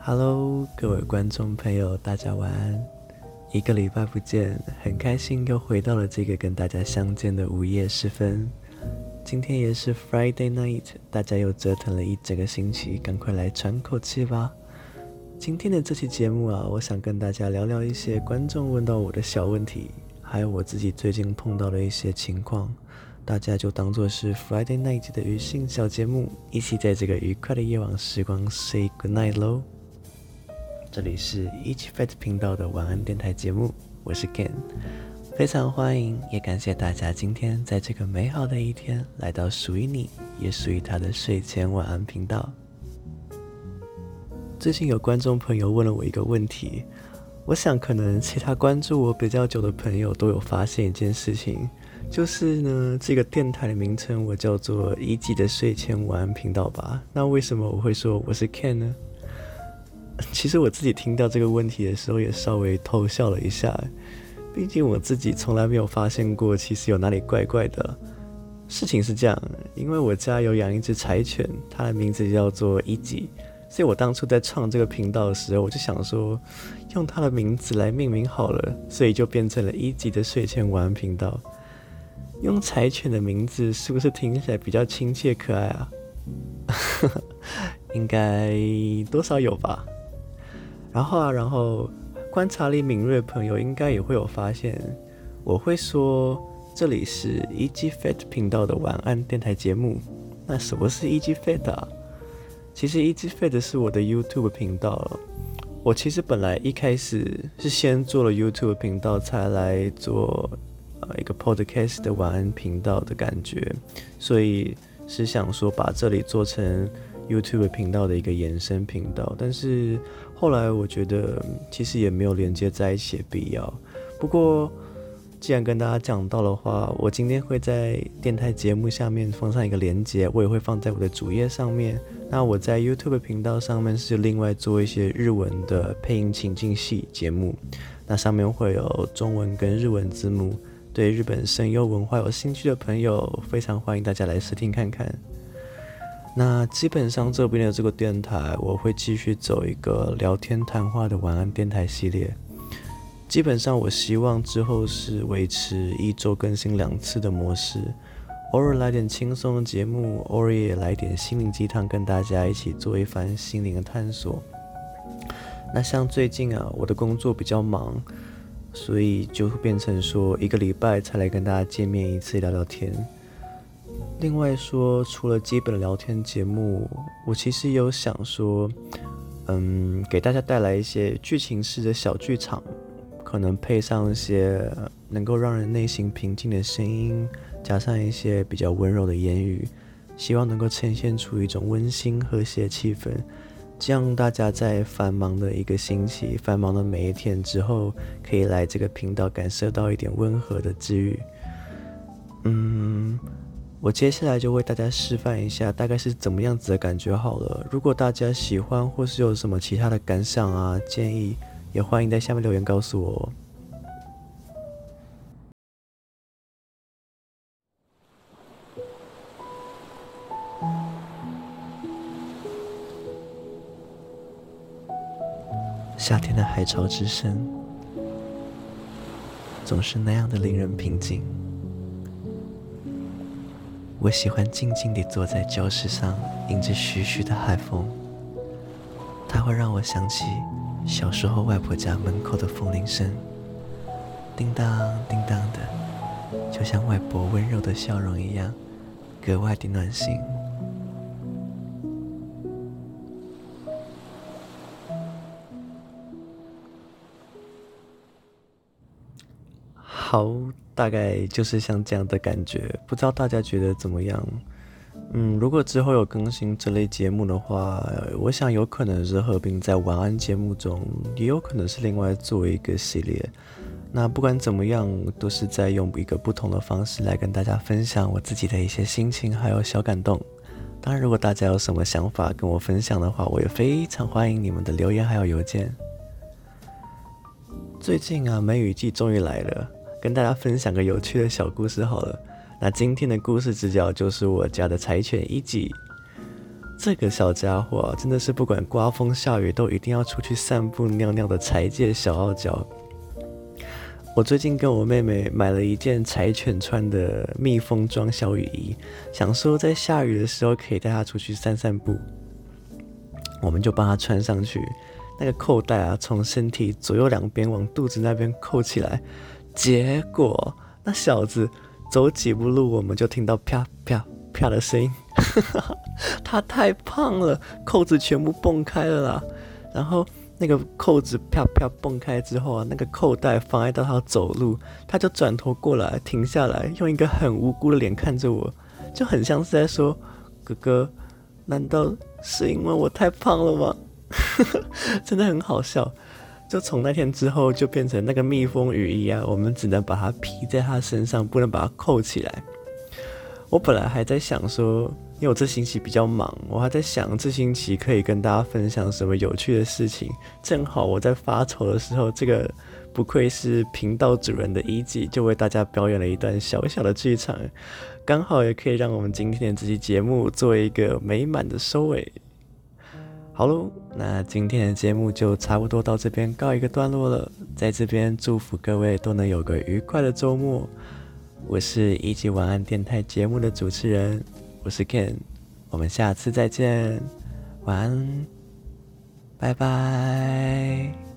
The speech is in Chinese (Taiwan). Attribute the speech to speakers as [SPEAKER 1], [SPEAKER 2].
[SPEAKER 1] Hello，各位觀眾朋友，大家晚安！一個禮拜不見，很開心又回到了這個跟大家相見的午夜時分。今天也是 Friday Night，大家又折騰了一整個星期，趕快來喘口氣吧。今天的這期節目啊，我想跟大家聊聊一些觀眾問到我的小問題，還有我自己最近碰到的一些情況，大家就當做是 Friday Night 的餘興小節目，一起在這個愉快的夜晚時光 Say Good Night 嘍。這裡是 Ichi 頻道的晚安電台節目，我是 Ken，非常歡迎，也感謝大家今天在這個美好的一天來到屬於你也屬於他的睡前晚安頻道。最近有觀眾朋友問了我一個問題，我想可能其他關注我比較久的朋友都有發現一件事情，就是呢，這個電台的名稱我叫做 Ichi 的睡前晚安頻道吧，那為什麼我會說我是 Ken 呢？其實我自己聽到這個問題的時候也稍微偷笑了一下，畢竟我自己從來沒有發現過，其實有哪裡怪怪的。事情是這樣，因為我家有養一隻柴犬，它的名字叫做一吉。所以我當初在創這個頻道的時候，我就想說用它的名字來命名好了，所以就變成了一吉的睡前晚安頻道。用柴犬的名字是不是聽起來比較親切可愛啊？ 應該多少有吧。然後、啊，然後觀察力敏銳的朋友應該也會有發現，我會說這裡是 EGFET 頻道的晚安電台節目。那什麼是 EGFET 啊？其實 EGFET 是我的 YouTube 頻道。我其實本來一開始是先做了 YouTube 頻道，才來做一個 podcast 的晚安頻道的感覺，所以是想說把這裡做成。YouTube 頻道的一個延伸頻道，但是後來我覺得其實也沒有連接在一起的必要。不過既然跟大家講到的話，我今天會在電台節目下面放上一個連接，我也會放在我的主頁上面。那我在 YouTube 頻道上面是另外做一些日文的配音情境系節目，那上面會有中文跟日文字幕。對日本聲優文化有興趣的朋友，非常歡迎大家來試聽看看。那基本上這邊的這個電台，我會繼續走一個聊天談話的晚安電台系列。基本上我希望之後是維持一週更新兩次的模式，偶爾來點輕鬆的節目，偶爾也來點心靈雞湯，跟大家一起做一番心靈的探索。那像最近啊，我的工作比較忙，所以就會變成說一個禮拜才來跟大家見面一次聊聊天。另外說，除了基本聊天節目，我其實也有想說，嗯，給大家帶來一些劇情式的小劇場，可能配上一些能夠讓人內心平靜的聲音，加上一些比較溫柔的言語，希望能夠呈現出一種溫馨和諧氣氛，這樣大家在繁忙的一個星期、繁忙的每一天之後，可以來這個頻道感受到一點溫和的治癒，嗯。我接下來就為大家示範一下大概是怎麼樣子的感覺好了。如果大家喜歡或是有什麼其他的感想啊、建議，也歡迎在下面留言告訴我。夏天的海潮之聲，總是那樣的令人平靜。我喜歡靜靜地坐在礁石上，迎着徐徐的海風。它會讓我想起小時候外婆家門口的風鈴聲，叮噹叮噹的，就像外婆溫柔的笑容一樣，格外的暖心。好。大概就是像這樣的感覺，不知道大家覺得怎麼樣？嗯，如果之後有更新這類節目的話，我想有可能是合併在晚安節目中，也有可能是另外做一個系列。那不管怎麼樣，都是在用一個不同的方式來跟大家分享我自己的一些心情還有小感動。當然，如果大家有什麼想法跟我分享的話，我也非常歡迎你們的留言還有郵件。最近啊，梅雨季終於來了。跟大家分享個有趣的小故事好了。那今天的故事主角就是我家的柴犬一吉，這個小家伙、啊、真的是不管颳風下雨都一定要出去散步尿尿的柴界小傲嬌。我最近跟我妹妹買了一件柴犬穿的蜜蜂裝小雨衣，想說在下雨的時候可以帶它出去散散步。我們就幫它穿上去，那個扣帶啊，從身體左右兩邊往肚子那邊扣起來。結果那小子走幾步路，我們就聽到啪啪啪的聲音。 他太胖了，扣子全部蹦開了啦。然後那個扣子啪啪蹦開之後啊，那個扣帶妨礙到他走路，他就轉頭過來停下來，用一個很無辜的臉看着我，就很像是在說：“哥哥，難道是因為我太胖了嗎？” 真的很好笑。就從那天之後，就變成那個蜜蜂雨衣啊，我們只能把它披在他身上，不能把它扣起來。我本來還在想說，因為我這星期比較忙，我還在想這星期可以跟大家分享什麼有趣的事情。正好我在發愁的時候，這個不愧是頻道主人的遺跡，就為大家表演了一段小小的劇場，剛好也可以讓我們今天的這期節目做一個美滿的收尾，欸。好嘍，那今天的節目就差不多到這邊告一個段落了。在這邊祝福各位都能有個愉快的周末。我是一級晚安電台節目的主持人，我是 Ken，我們下次再見，晚安，拜拜。